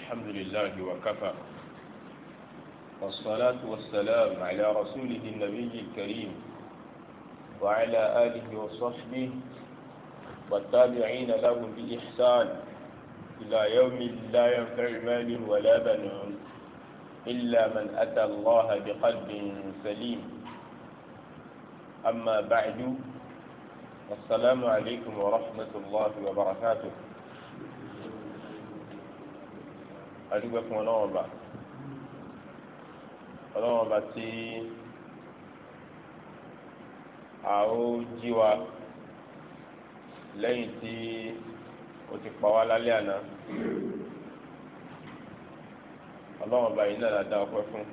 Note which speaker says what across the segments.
Speaker 1: الحمد لله وكفى والصلاة والسلام على رسوله النبي الكريم وعلى آله وصحبه والتابعين لهم بإحسان إلى يوم لا ينفع مال ولا بنون إلا من أتى الله بقلب سليم أما بعد السلام عليكم ورحمة الله وبركاته adúgbò fún ọlọ́wọ́n ọba ọlọ́wọ́n ọba tí a ó jí wa lẹ́yìn tí ó ti pa wá lálẹ́ àná ọlọ́wọ́n ọba yìí náà la dá ọpẹ́ fún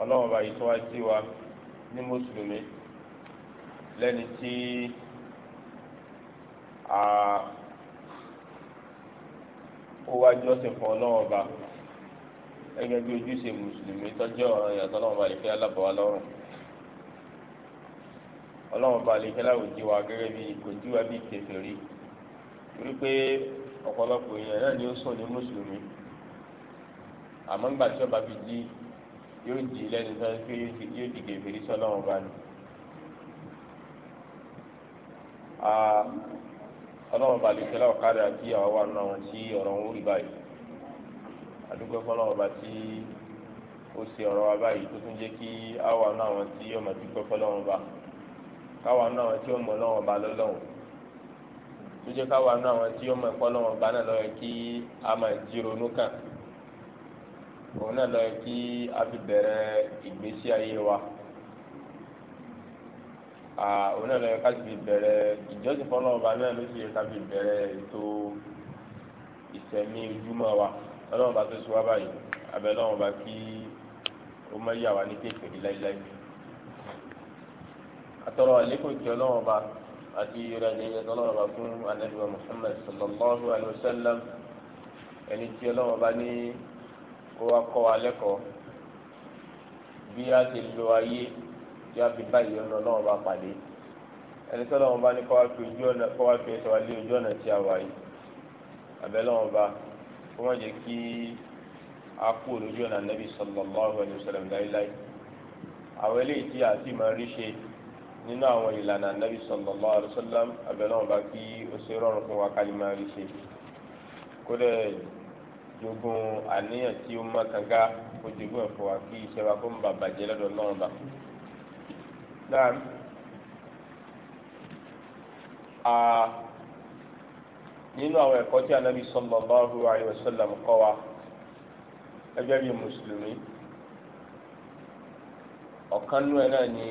Speaker 1: ọlọ́wọ́n ọba yìí tó wá jí wa ní mùsùlùmí lẹ́ni tí a kó wá jọ́sìn fún ọlọ́wọ́n ọba gẹ́gẹ́ bí ojúṣe mùsùlùmí tọ́jú ọ̀ràn ìyàtọ̀ ọlọ́wọ́n ọba àlèkè alábọ̀wá lọ́rùn ọlọ́wọ́n ọba àlèkè láwùjọ wa gẹ́gẹ́ bí kò jí wa bí kèfèrí torí pé ọ̀pọ̀lọpọ̀ èèyàn náà ni ó sùn ní mùsùlùmí àmọ́ ńgbà tí ọba fi jí yóò jí lẹ́nu sọ pé yóò di kèfèrí sọ́lọ́wọ́n ọba ni ọlọ́run balùwẹ̀lá ọ̀kadà tí àwọn wà nínú àwọn tí ọ̀rọ̀ ń rí báyìí àdúgbò fọlọ́run ọba tí ó ṣe ọ̀rọ̀ wa báyìí tó tún jẹ́ kí àwọn nínú àwọn tí ọmọ ti pẹ́ fọlọ́run ọba káwọn nínú àwọn tí ọmọ ọlọ́run ọba lọ́lọ́run tó jẹ́ káwọn nínú àwọn tí ọmọ ẹ̀kọ́ ọlọ́run ọba náà lọ́yẹ kí a máa jírònú kàn òun náà lọ́yẹ kí a fi bẹ̀rẹ̀ ìgbésí ayé wa òun náà lọ́yọ̀ ká fi bẹ̀rẹ̀ ìjọsìn fọ́nà ọba náà ló sì yẹ ká fi bẹ̀rẹ̀ ètò ìsẹ̀mí ojúmọ́ wa ọlọ́run bá tó sọ wá báyìí abẹ́ ọlọ́run bá kí ó má yà wá ní kéèkéèké láíláí. àtọ̀rọ̀ àlékún ìkẹ́ ọlọ́run bá àti ìrẹ̀lẹ̀ ìyẹn ọlọ́run bá fún anẹ́gbẹ́ Muhammad sallallahu alayhi wa sallam ẹni tí ọlọ́run bá ní kó wá kọ́ wa lẹ́kọ̀ọ́ bí a ti lo ayé yóò fi bá ìyọnu ọlọ́run bá pàdé ẹni tó lọ́wọ́ bá ní kọ́ wá fi ojú ọ̀nà kọ́ wá fi ẹsẹ̀ wá lé ojú ọ̀nà tí a wà yìí àbẹ́ lọ́wọ́ bá kó má jẹ́ kí a kú lójú ọ̀nà nàbí sallallahu alaihi wasallam láíláí àwọn eléyìí tí a ti máa rí ṣe nínú àwọn ìlànà nàbí sallallahu alaihi wasallam àbẹ́ lọ́wọ́ bá kí ó ṣe rọrùn fún wa kálí máa rí ṣe kódà jogun àníyàn tí ó má kanga kó jogun ẹ̀fọ́ wa kí iṣẹ́ wa kó ń bàbàjẹ́ lọ́dọ̀ náà bá islam nínú àwọn ẹ̀kọ́ tí anabi sallallahu alaihi wasallam kọ́ wa ẹgbẹ́ bíi mùsùlùmí ọ̀kan nú ẹ̀ náà ni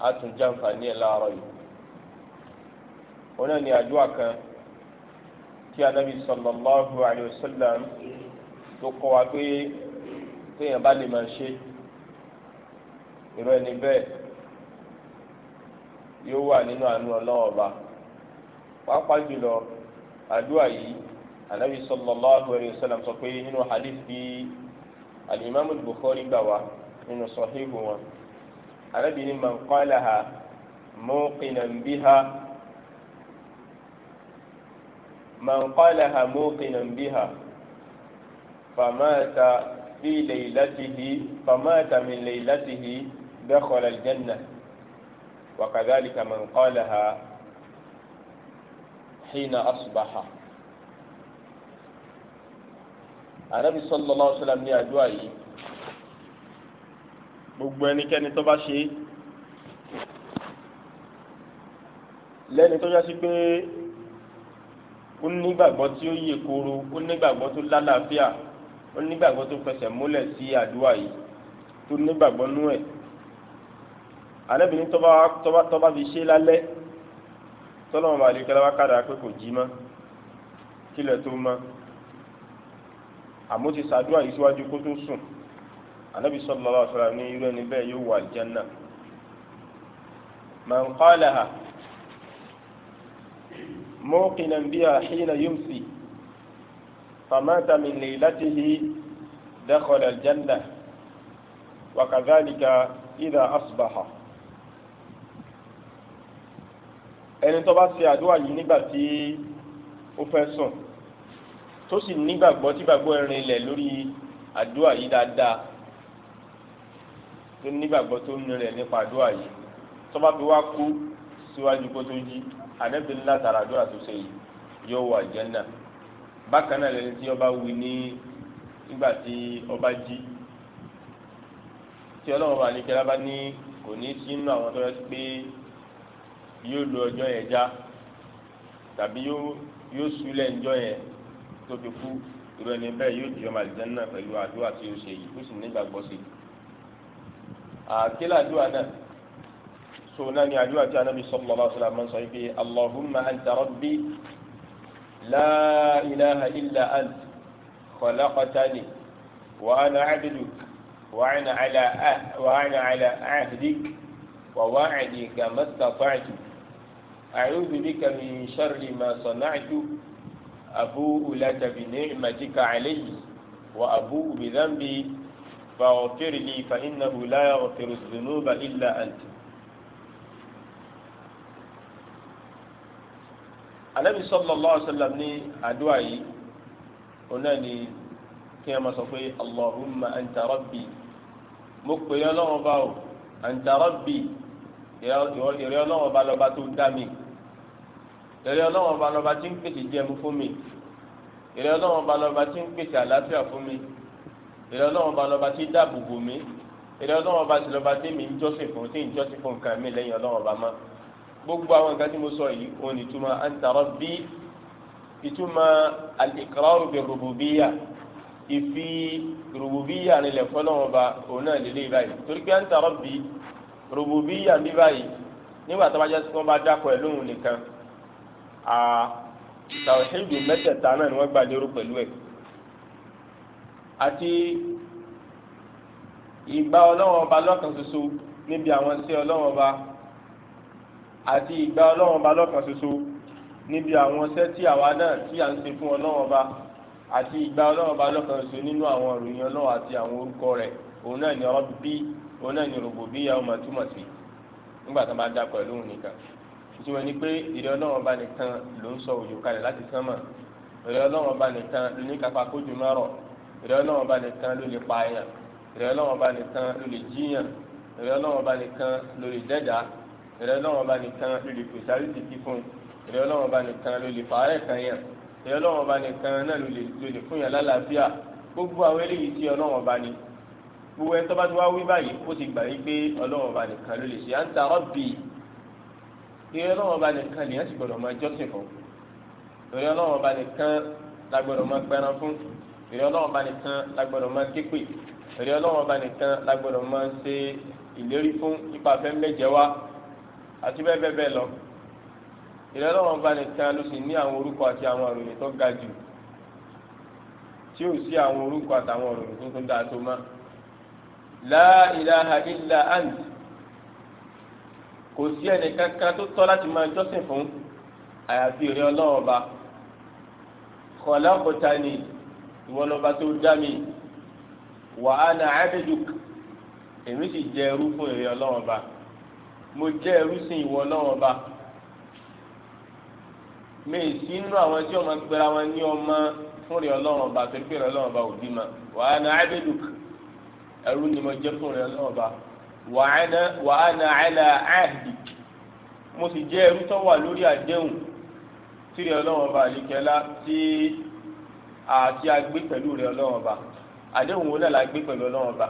Speaker 1: a tún jàǹfààní ẹ̀ láàárọ̀ yìí wọn náà ni àdúrà kan tí anabi sallallahu alaihi wasallam tó kọ́ wa pé téèyàn bá lè máa ṣe é irú ẹni bẹ́ẹ̀ yóò wà nínú àánú ọlọ́wọ́ ọba pàápàá jùlọ àdúrà yìí anabi sallallahu alayhi wa sallam sọ pé nínú hadith bíi alimami bukhari gbà wá nínú sọhíhù wọn anabi ni man qalaha muqinan biha man qalaha muqinan biha famata fi laylatihi famata min laylatihi. دخل الجنة وكذلك من قالها حين أصبح Ànábì sallallahu alaihi wasallam ní àdúrà yìí gbogbo ẹnikẹ́ni tó bá ṣe lẹ́ni tó yásí pé ó nígbàgbọ́ tí ó yè koro ó nígbàgbọ́ tó lálàáfíà ó nígbàgbọ́ tó fẹsẹ̀ múlẹ̀ sí àdúrà yìí tó nígbàgbọ́ nú ẹ̀ anábìrin tó bá fi ṣe lálẹ́ tọ́lọ́mọ bá lè kẹ́lá kádà pé kò jí mọ́ kílẹ̀ tó mọ́ àmọ́ ti ṣàdúrà yìí síwájú kó tó sùn anábì sallallahu alaihi wasallam ní irú ẹni bẹ́ẹ̀ yóò wọ aljanna man qalaha muqinan biha hina yumsi famata min laylatihi dakhala aljanna wa kadhalika idha asbaha. ẹni tó bá ṣe àdúrà yìí nígbà tí ó fẹ́ sùn tó sì nígbàgbọ́ tí gbàgbọ́ ẹ̀rin ilẹ̀ lórí àdúrà yìí dáadáa tó nígbàgbọ́ tó ń rẹ̀ nípa àdúrà yìí tó bá fi wá kú síwájú kó tó jí àdẹ́bí ńlá tàrà àdúrà tó ṣe yìí yóò wọ àlùjánnà bákan náà lẹni tí ọba wí ní nígbà tí ọba jí tí ọlọ́run bá ní kí ẹ bá ní kò ní sínú àwọn tó yẹ pé yóò lo ọjọ́ yẹn já tàbí yóò súlẹ̀ ńjọ́ yẹn tó fi kú irú ẹni bẹ́ẹ̀ yóò di ọmọ àlìjánnà pẹ̀lú àdúrà tí ó ṣe yìí ó sì nígbàgbọ́ sí i. àkélà àdúrà náà so náà ni àdúrà tí anábì sallallahu alaihi wasallam sọ pé allahumma anta rabbi la ilaha illa ant khalaqtani wa ana abduk wa ana ala ahdik wa wa'adika mastata'tu. أعوذ بك من شر ما صنعت أبوء لك بنعمتك علي وأبوء بذنبي فاغفر لي فإنه لا يغفر الذنوب إلا أنت Ànábì sallallahu alaihi wasallam ní àdúà yìí ọ̀nà ni kí a máa sọ pé allahumma anta rabbi mo pè é Ọlọ́run bá o anta rabbi ìrẹ́ Ọlọ́run bá lọ́ba tó dá mi ìrẹ́ ọlọ́wọ́n ba lọ́ba tí ń pèsè jẹun fún mi ìrẹ́ ọlọ́wọ́n ba lọ́ba tí ń pèsè àlàáfíà fún mi ìrẹ́ ọlọ́wọ́n ba lọ́ba tí dáàbò bò mí ìrẹ́ ọlọ́wọ́n ba sì lọ́ba tí mi ń jọ́sìn fún tí ń jọ́sìn fún nǹkan mi lẹ́yìn ọlọ́wọ́n ba mọ́ gbogbo àwọn nǹkan tí mo sọ yìí òun ìtumọ̀ anta rabbi ìtumọ̀ al-iqraru bi rububiyya ìfi rububiyya nílẹ̀ fọlọ́wọ́n ba òun náà lélẹ́yìí báyìí torí pé anta rabbi rububiyya ní báyìí nígbà tó bá jẹ́ sọ́n bá dákọ̀ ẹ̀ lóhùn nìkan a tàwíìdù mẹ́tẹ̀ẹ̀ta náà ni wọ́n gbà lérò pẹ̀lú ẹ̀ àti ìgbà ọlọ́wọ́n ọba lọ́kan ṣoṣo níbi àwọn iṣẹ́ ọlọ́wọ́n ọba àti ìgbà ọlọ́wọ́n ọba lọ́kan ṣoṣo níbi àwọn iṣẹ́ tí àwa náà tí à ń ṣe fún ọlọ́wọ́n ọba àti ìgbà ọlọ́wọ́n ọba lọ́kan ṣoṣo nínú àwọn ìròyìn ọlọ́wọ́ àti àwọn orúkọ rẹ̀ òun náà ni Rabbi òun náà ni rògbòbíyà ọmọ túmọ̀ sí nígbà tó bá dá pẹ̀lú òun nìkan ìtumọ̀ ni pé ìrẹ́ ọlọ́run ọba nìkan ló ń sọ òjò kalẹ̀ láti sánmà ìrẹ́ ọlọ́run ọba nìkan ló ní kápá kójú máa rọ̀ ìrẹ́ ọlọ́run ọba nìkan ló lè pa èèyàn ìrẹ́ ọlọ́run ọba nìkan ló lè jíyàn ìrẹ́ ọlọ́run ọba nìkan ló lè dẹ́dà ìrẹ́ ọlọ́run ọba nìkan ló lè pèsè àrídì kí fún ìrẹ́ ọlọ́run ọba nìkan ló lè fàárẹ̀ kan yàn ìrẹ́ ọlọ́run ọba nìkan náà ló lè fún yàn lálàáfíà gbogbo àwọn eléyìí tí ọlọ́run ọba ni gbogbo ẹni tó bá ti wá wí báyìí ó ti gbà yí pé ọlọ́run ọba nìkan ló lè ṣe à ń ta ọ́ bíi ìrẹ Ọlọ́run ọba nìkan lèyàn sì gbọ́dọ̀ máa jọ́sìn fún ìrẹ Ọlọ́run ọba nìkan la gbọ́dọ̀ máa gbẹran fún ìrẹ Ọlọ́run ọba nìkan la gbọ́dọ̀ máa képe ìrẹ Ọlọ́run ọba nìkan la gbọ́dọ̀ máa ṣe ìlérí fún ipa fẹ́ mẹ́jẹ wá àti bẹ́ẹ̀ bẹ́ẹ̀ bẹ́ẹ̀ lọ ìrẹ Ọlọ́run ọba nìkan ló sì ní àwọn orúkọ àti àwọn àròyìn tó ga jù tí ò sí àwọn orúkọ àtàwọn àròyìn tó dáa tó má la ilaha illa kò sí ẹnìkankan tó tọ́ láti máa jọ́sìn fún àyàfi ìrẹ́ ọlọ́run ọba khalaqtani ìwọ lọ́ba tó dá mi wa ana abduk èmi sì jẹ́ ẹrú fún ìrẹ́ ọlọ́run ọba mo jẹ́ ẹrú sí ìwọ ọlọ́run ọba mi sí inú àwọn tí wọ́n máa gbéra wọn ní ọmọ fún ìrẹ́ ọlọ́run ọba tó ń pè ìrẹ́ ọlọ́run òbí ma wa ana abduk ẹrú ni mo jẹ́ fún ìrẹ́ ọlọ́run ọba wàhánà àlà àhìdì mo sì jẹ́ ẹrú tó wà lórí àdéhùn tí rẹ̀ ọlọ́wọ́n ọba àlìkẹ́lá tí àti agbé pẹ̀lú rẹ̀ ọlọ́wọ́n ọba àdéhùn wo náà la gbé pẹ̀lú ọlọ́wọ́n ọba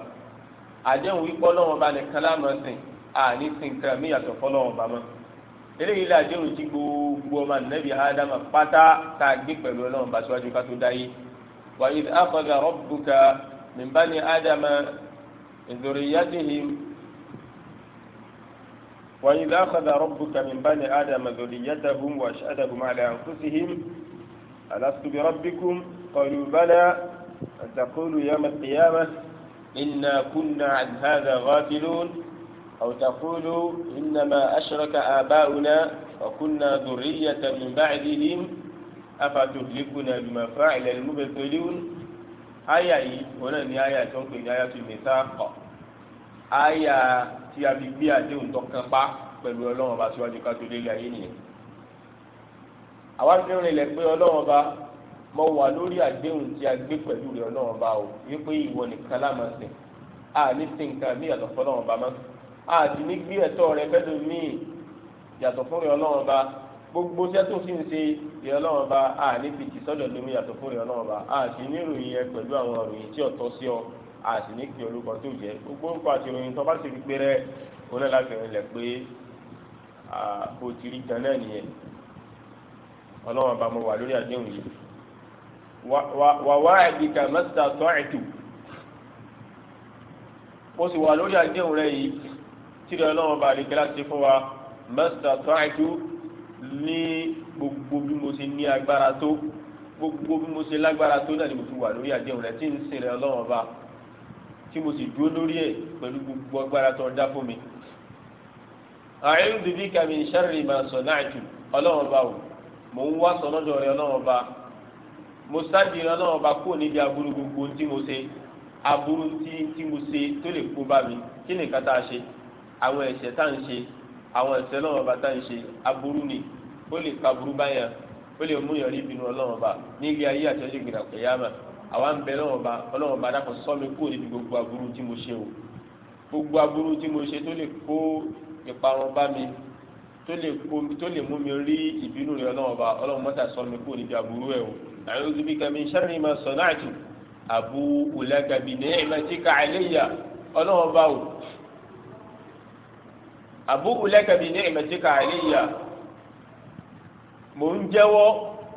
Speaker 1: àdéhùn wípé ọlọ́wọ́n ọba nìkan láàmú sìn àní sìn mí yàtọ̀ fọlọ́wọ́n ọba mọ́ eléyìí la àdéhùn tí gbogbo ọmọ nàbí ádámà pátá tá gbé pẹ̀lú ọlọ́wọ́n ọba síwájú ká tó dáyé wa idh akhadha rabbuka ádámà min dhurriyyatihim وإذا أخذ ربك من بني آدم ذريتهم وأشهدهم على أنفسهم ألست بربكم قالوا بلى أن تقولوا يوم القيامة إنا كنا عن هذا غافلون أو تقولوا إنما أشرك آباؤنا وكنا ذرية من بعدهم أفتهلكنا بما فعل المبطلون آية هنا آية تنقل آية الميثاق آية tí a fi gbé àdéhùn tó kan pa pẹ̀lú ọlọ́run ọba síwájú ká tó délé ayé nìyẹn àwa fi rinlẹ̀ pé ọlọ́run ọba mo wà lórí àdéhùn tí a gbé pẹ̀lú rẹ̀ ọlọ́run ọba o wípé ìwọ nìkan lámà sìn a ní sin nǹkan mí yàtọ̀ fọlọ́run ọba mọ́ a sì ní gbé ẹ̀tọ́ rẹ fẹ́lẹ́ mí yàtọ̀ fún rẹ̀ ọlọ́run ọba gbogbo iṣẹ́ tó fi ń ṣe rẹ̀ ọlọ́run ọba a ní fi sọ́dọ̀ lómi yàtọ̀ fún rẹ̀ ọlọ́run ọba a sì ní ìròyìn yẹn pẹ̀lú àwọn ìròyìn tí ọ̀tọ̀ sí ọ a sì ní kí olùkọ́ tó jẹ́ gbogbo orúkọ àti ìròyìn tó bá ti fi pé rẹ oní láti rìn lẹ̀ pé bó ti rí gan náà nìyẹn ọlọ́wọ́n bá mo wà lórí àdéhùn yìí wà wá ẹ̀dìkà mẹ́ta tó ẹ̀tù ó sì wà lórí àdéhùn rẹ yìí tí ìrẹ̀ ọlọ́wọ́n bá rí kíláàsì fún wa mẹ́ta tó ẹ̀tù ní gbogbo bí mo ṣe ní agbára tó gbogbo bí mo ṣe lágbára tó náà ni mo fi wà lórí àdéhùn rẹ tí ń sin rẹ ọlọ́wọ́n bá rí tí mo sì dúró lórí ẹ̀ pẹ̀lú gbogbo agbára tó dá fún mi. a'udhu bika min sharri ma sana'tu ọlọ́run bá wò mò ń wá sọ lọ́dọ̀ rẹ ọlọ́run bá mo sáàdì ọlọ́run bá kó níbi aburú gbogbo tí mo ṣe aburú tí tí mo ṣe tó lè kó bá mi kí ni kàtà ṣe àwọn ẹ̀ṣẹ̀ tá ń ṣe àwọn ẹ̀ṣẹ̀ ọlọ́run bá tá ń ṣe aburú ni ó lè ka burú báyà ó lè mú yọrí ìbínú ọlọ́run bá nílé ayé àtẹ́jú gbìdàpẹ̀yàmà àwa ń bẹ lọ́wọ́ ba ọlọ́wọ́ ba dákun ṣọ́ mi kúrò níbi gbogbo aburú tí mo ṣe o gbogbo aburú tí mo ṣe tó lè kó ìparun bá mi tó lè kó tó lè mú mi rí ìbínú rẹ ọlọ́wọ́ ba ọlọ́wọ́ mọ́tà ṣọ́ mi kúrò níbi aburú ẹ o a'udhu bika min sharri ma sana'tu abu'u laka bi ni'matika alayya ọlọ́wọ́ bá o abu'u laka bi ni'matika alayya mò ń jẹ́wọ́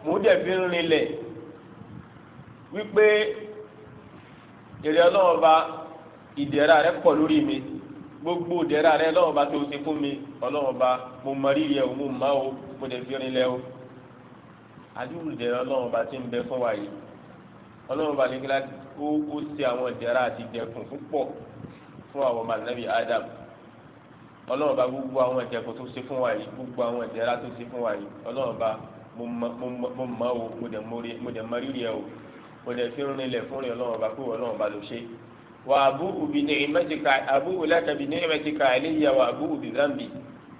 Speaker 1: mò ń dẹ̀ fi ń rinlẹ̀ wípé èrè ọlọ́wọ́n bá ìdẹ̀ra rẹ pọ̀ lórí mi gbogbo ìdẹ̀ra rẹ lọ́wọ́n bá tó ṣe fún mi ọlọ́wọ́n bá mo mọ rírì ẹ̀ o mo mọ o mo dẹ̀ fi rin lẹ o àdúgbò ìdẹ̀ra ọlọ́wọ́n bá ti ń bẹ fún wa yìí ọlọ́wọ́n bá nígbà ó ó ṣe àwọn ìdẹ̀ra àti ìdẹ̀kùn púpọ̀ fún àwọn ọmọ ànábì Adam ọlọ́wọ́n bá gbogbo àwọn ìdẹ̀kùn tó ṣe fún wa yìí gbogbo àwọn ìdẹ̀ra tó ṣe fún wa yìí ọlọ́wọ́n bá mo mọ o mo dẹ̀ mọ rírì ẹ̀ o mo dẹ̀ fi rin ilẹ̀ fún rẹ̀ ọlọ́run ọba pé wọ́n ọlọ́run ọba ló ṣe. wà á bú ubi ní ìmẹ́tìkà àbú ìlàkàbí ní ìmẹ́tìkà àìlèyà wà á bú ubi zambi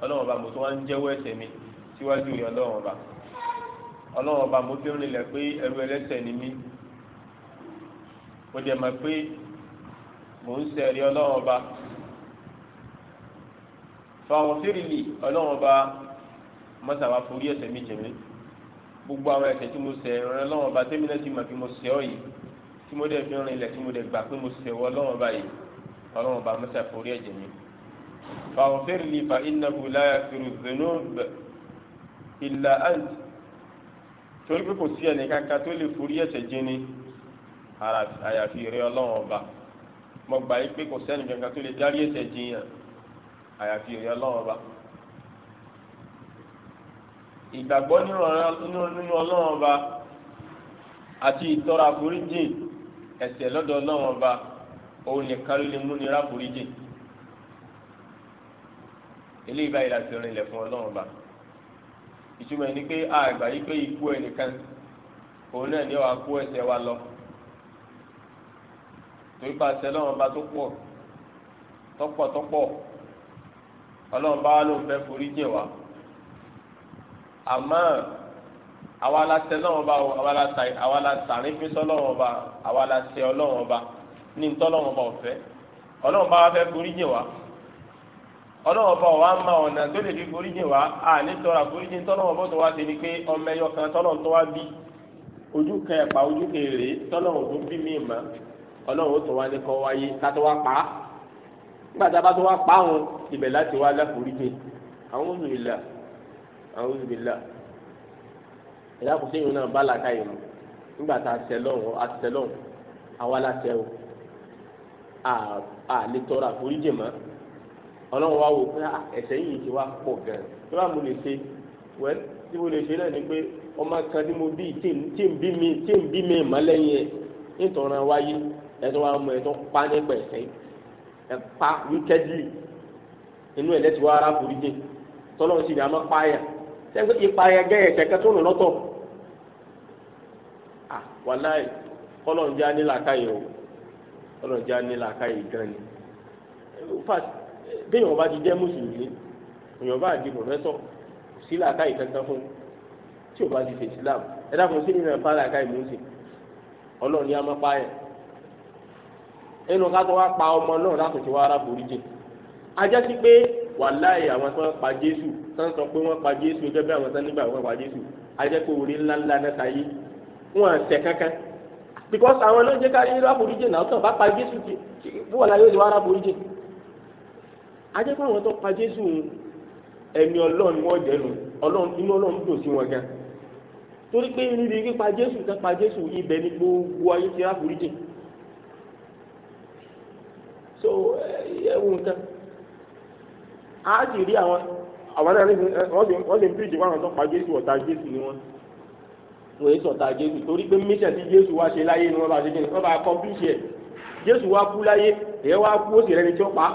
Speaker 1: ọlọ́run ọba mo tún wá ń jẹ́wọ́ ẹ̀ṣẹ̀ mi síwájú rẹ̀ ọlọ́run ọba ọlọ́run ọba mo fi rin ilẹ̀ pé ẹrú ẹlẹ́ṣẹ̀ ni mí mo dẹ̀ mọ̀ pé mò ń sẹ̀rí ọlọ́run ọba fàwọn fírìlì ọlọ́run ọba mọ́sàwá forí ẹ̀ṣẹ̀ mi jẹ̀mí gbogbo àwọn ẹ̀ṣẹ̀ tí mo ṣẹ̀ ọ̀rẹ́ lọ́wọ́ ọba tẹ́mílẹ̀ tí mo fi mo ṣẹ̀ ọ́ yìí tí mo dẹ̀ fi rìn ilẹ̀ tí mo dẹ̀ gbà pé mo ṣẹ̀ wọ́ lọ́wọ́ ọba yìí ọlọ́wọ́ ọba mẹ́sà forí ẹ̀jẹ̀ mi. فاغفر لي فإنه لا يغفر الذنوب إلا أنت torí pé kò sí ẹnìkan kan tó lè forí ẹ̀ṣẹ̀ jìnnì àyàfi rẹ Ọlọ́run ọba mo gbà yí pé kò sí ẹnìkan tó lè dárí ẹ̀ṣẹ̀ jìnnì ìgbàgbọ́ nínú ọlọ́run ọba àti ìtọrọ àforíjì ẹ̀ṣẹ̀ lọ́dọ̀ ọlọ́run ọba òun nìkan ló lè mú ní ráforíjì eléyìí báyìí láti rìn ilẹ̀ fún ọlọ́run ọba ìtumọ̀ ni pé àgbà yìí pé ikú ẹnìkan òun náà ní wàá kó ẹ̀ṣẹ̀ wa lọ torí pa àṣẹ ọlọ́run ọba tó pọ̀ tọ́pọ̀tọ́pọ̀ ọlọ́run bá wà ló ń fẹ́ foríjì wa àmọ́ àwa la tẹ lọ́wọ́ bá o àwa la ta àwa la sàrin fi sọ́lọ́wọ́ bá àwa la tẹ ọlọ́wọ́ bá ní ntọ́lọ́wọ́ bá ọ̀fẹ́ ọlọ́wọ́ bá wa fẹ́ forí jìn wá ọlọ́wọ́ bá wa ma ọ̀nà tó lè fi forí jìn wá à nítorá forí jìn tọ́lọ́wọ́ bó tó wá ti ni pé ọmọ ẹyọ kan tọ́lọ́wọ́ tó wá bí ojú kan ẹ̀pà ojú kan èrè tó bí mí mọ́ ọlọ́wọ́ tó wá ní kọ́ wáyé ká tó pa á nígbà tá a bá tó wá pa á wọn láti wá láforí àwọn ìbílà ẹ̀dá kò sí ìrún náà bá làákàyè mu nígbà tá a tẹ lọ́wọ́ a tẹ lọ́wọ́ àwa la tẹ o a lè tọrọ àforíjì mọ́ ọlọ́run wa wò pé ah, ẹ̀ṣẹ̀ yìí ti wá pọ̀ gan-an tí wàá mo lè ṣe wẹ́n tí mo lè ṣe náà ni pé ọmọ kan tí mo bí tí ń bí mi mọ́ lẹ́yìn ẹ̀ nítorí wáyé ẹ̀tọ́ wa mọ ẹ̀tọ́ pa nípa ẹ̀ṣẹ̀ ẹ̀ pa wíkẹ́dìlì inú ẹ̀ lẹ́tì wá ara àforíjì tọ́lọ́run sì ní a máa pààyàn sẹ́gbẹ́ ìparí ẹgẹ́ ẹ̀ṣẹ̀ kẹtọ́ nù lọ́tọ̀ à ah, wàláì kọ́lọ̀njá nílà káyè o kọ́lọ̀njá nílà káyè gan ni bí èèyàn bá ti jẹ́ mùsùlùmí èèyàn bá di pòfẹ́sọ̀ sílà káyè kankan fún tí o bá ti fèsì láàmù ẹ dákun sí nínú ẹ̀fà làkà ìmúsìn ọlọ́ọ̀ni á máa pààyàn ẹnu ká tó wá pa ọmọ náà láti ti wá ara forí ajá sí pé wàláì àwọn tí wọ́n pa jésù tán sọ pé wọ́n pa jésù gẹ́gẹ́ bí àwọn tán nígbà wọ́n pa jésù ajẹ́ orí ńláńlá náà ta yé wọn àtẹ kankan because àwọn ló jẹ́ káyé ló àforíjì náà tán bá pa jésù ti fún wọn láyé ó ti wá àforíjì ajẹ́ pé àwọn tó pa jésù ẹ̀mí ọlọ́run wọ́n jẹ́ nù ọlọ́run inú ọlọ́run dùn sí wọn gan torí pé níbi pípa jésù tán pa jésù ibẹ̀ ni gbogbo ayé ti àforíjì so ẹ̀wù nǹkan a sì rí àwọn àwọn náà wọ́n lè ń bíríjì wọn àwọn jésù ọ̀tá jésù ni wọ́n wọ́n yé sọ̀tá jésù torí pé mission tí jésù wá ṣe láyé ni wọ́n bá ṣe kí ni wọ́n bá accomplish ẹ̀ jésù wá kú láyé èyẹ wá kú ó sì rẹni tí ó pa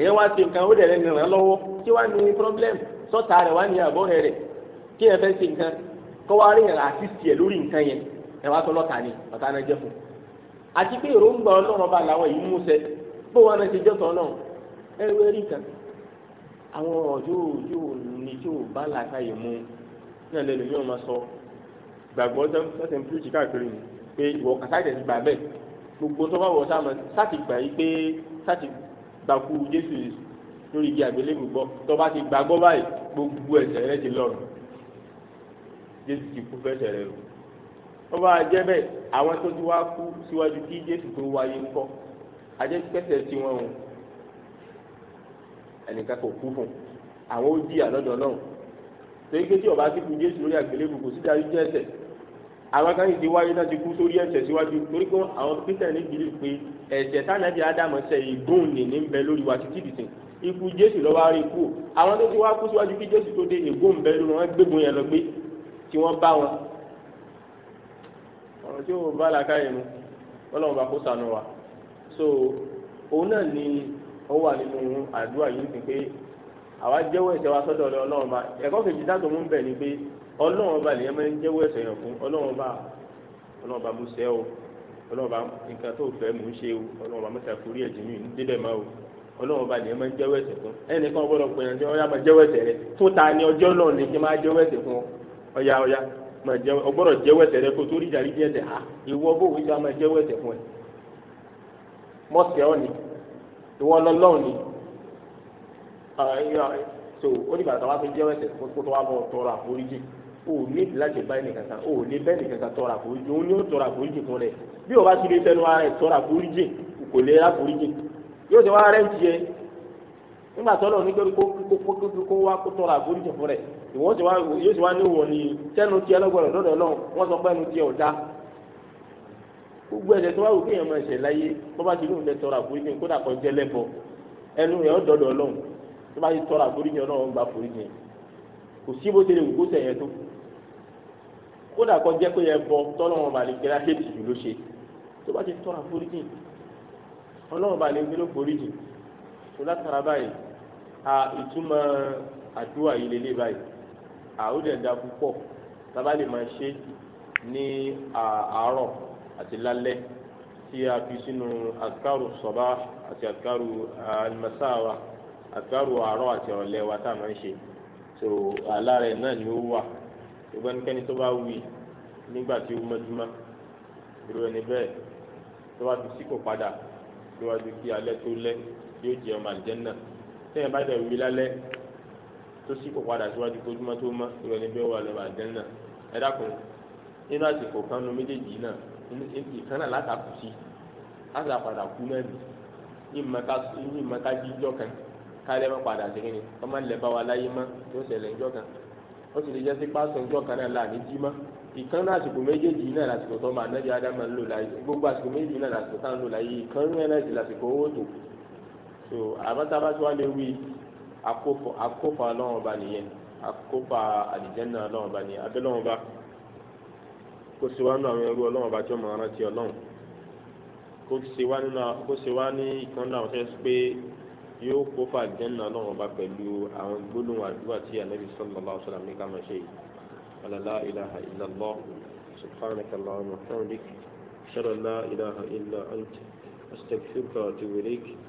Speaker 1: èyẹ wá ṣe nǹkan ó dẹ̀ rẹni ràn lọ́wọ́ tí wá ní problem sọ̀tá rẹ̀ wá ní àbọ̀ rẹ̀ rẹ̀ kí ẹ fẹ́ ṣe nǹkan kọ́ wá rí yàn assist ẹ̀ lórí àwọn ọ̀rọ̀ yóò yóò ní yóò bá làákàyè mu ní ẹ̀lẹ́ lómi ọ̀ma sọ gbàgbọ́ sẹ́sẹ̀ ń píríṣì káàkiri ni pé ìwọ kàtàkì gbà bẹ́ẹ̀ gbogbo tó bá wọ sáà mọ̀ sáàtì gbà yí pé sáàtì gbàkú Jésù lórí igi àgbélébù gbọ́ tó bá ti gbàgbọ́ báyìí gbogbo ẹ̀ṣẹ̀ rẹ ti lọ́rùn Jésù ti kú fẹ́ṣẹ̀ rẹ lọ tó bá jẹ́ bẹ́ẹ̀ àwọn tó ti wá kú síwájú kí Jésù tó wáyé ńkọ́ àjẹsíkẹ́sẹ̀ tiwọn o ẹnìkan kò kú fún àwọn ó jìyà lọ́dọ̀ náà torí pé tí ọba ti kun jésù lórí àgbélébù kò sí dájú jẹ́ ẹ̀ṣẹ̀ àwọn kan yìí ti wáyé náà ti kú sórí ẹ̀ṣẹ̀ síwájú torí pé àwọn kristian bìlì pé ẹ̀ṣẹ̀ tánàbí ádámọ̀ ṣe ìgbóhùn nìní ń bẹ lórí wa títí dìsìn ikú jésù lọ́wọ́ á rí kú àwọn tó ti wá kú síwájú kí jésù tó dé ìgbóhùn bẹ lórí wọn gbégbó yẹn lọ gbé tí wọ́n bá wọn. ọ̀rọ̀ tí ó bá làkàyè mu ọlọ́run bá kó sànù wa so òun náà ni ó wà nínú àdúrà yìí ti pé àwa jẹ́wọ́ ẹ̀ṣẹ̀ wa sọ́dọ̀ ọ̀dọ̀ ọlọ́run ba ẹ̀kọ́ kejì mú bẹ̀ ni pé ọlọ́run ba lèyàn máa ń jẹ́wọ́ yàn fún ọlọ́run ọlọ́run o ọlọ́run nǹkan tó fẹ́ ṣe o ọlọ́run ba mọ́ta forí ẹ̀jẹ̀ mi ní débẹ̀ máa o ọlọ́run lèyàn máa ń fún gbọ́dọ̀ pè yàn jẹ́wọ́ rẹ ni ọjọ́ náà ni kí ìwọ lọ́lọ́run ni ah, so oníbàtà wa fi jẹ́ ẹsẹ̀ kó tó wá bọ̀ tọrọ àforíjì o ní láti bá ẹnìkan kan o lè bẹ́ ẹnìkan kan tọrọ àforíjì òun ni ó tọrọ àforíjì fún rẹ bí o bá ti lè fẹnu ara rẹ tọrọ àforíjì kò lè ráforíjì yóò ti wá rẹ ń tiẹ nígbà tọ́lọ̀ ní pẹ́ẹ́rú kó wá kó tọrọ àforíjì fún rẹ ìwọ́n ti wá yóò ti wá ní ìwọ̀n ni tẹ́nu tiẹ lọ́gbọ̀rọ̀ lọ́dọ̀ ọlọ́run wọ́n sọ pé ẹnu tiẹ gbogbo ẹ̀ṣẹ̀ tó wà wò kéèyàn máa ṣẹ̀ láyé tó bá ti lóun fẹ́ tọrọ àforíjì kódà kan jẹ́ lẹ́bọ ẹnu rẹ̀ ọ̀dọ́dọ̀ ọlọ́run tó bá ti tọrọ àforíjì ọlọ́run gba àforíjì kò sí bó ṣe lè wù kó ṣẹ̀ yẹn tó kódà kan jẹ́ pé yẹn bọ tọ́lọ́run bá lè gbéra ṣéètì jù ló ṣe tó bá ti tọrọ àforíjì ọlọ́run bá lè gbéra foríjì tó látara báyìí a ìtumọ̀ àdúrà yìí lélẹ̀ báyìí àó dẹ̀ da púpọ̀ tábà lè máa ṣe ní àárọ̀ àti lálẹ́ tí a fi sínú àkàrù sọ̀bá àti àkàrù àlùmọ́sáwa àkàrù àárọ̀ àti ọ̀lẹ́ wa tá a máa ń ṣe tó alára ẹ̀ náà ni ó wà gbogbo ẹnikẹ́ni tó bá wí nígbà tí ó mọ́júmọ́ irú ẹni bẹ́ẹ̀ tó bá fi síkò padà síwájú kí alẹ́ tó lẹ́ yóò jẹ́ ọmọ àlùjànnà tẹ́yìn bá dẹ̀ wí lálẹ́ tó síkò padà síwájú kójúmọ́ tó mọ́ irú ẹni bẹ́ẹ̀ wà lọ́wọ́ àlùjànnà ẹ dákun nínú àsìkò kan méjèèjì náà ìkan náà látàkù sí láti padà kú náà bì ní ìmọ̀ká jíjọ́ kan kálẹ̀ má padà sí kíni ọmọ ilẹ̀ bá wa láyé má tó ṣẹlẹ̀ ńjọ́ kan ó sì lè jẹ́ sí pásítọ̀ ńjọ́ kan náà láàní jí má ìkan náà àsìkò méjèèjì náà lásìkò tó máa nábì ádámà ń lò láyé gbogbo àsìkò méjèèjì náà lásìkò tá à ń lò láyé ìkan náà náà sì lásìkò owó tó so àbátábá tí wàá lè wí akófa ọlọ́run ọba nìyẹn akófa àlìjẹ́nà ọlọ́run ba nìyẹn abẹ́lọ́run ọba kó ṣe wá nínú àwọn ẹrú ọlọ́run ọba tí ó máa rántí ọlọ́run kó ṣe wá nínú kó ṣe wá ní ìkan náà ṣe pé yóò kó fàjẹ́nà ọlọ́run ọba pẹ̀lú àwọn gbólóhùn àdúrà tí ànábì sallallahu alaihi wasallam ní ká máa ṣe yìí la ilaha illallah subhanaka allahumma wa bihamdik ashhadu ilaha illa anta astaghfiruka wa atubu ilayk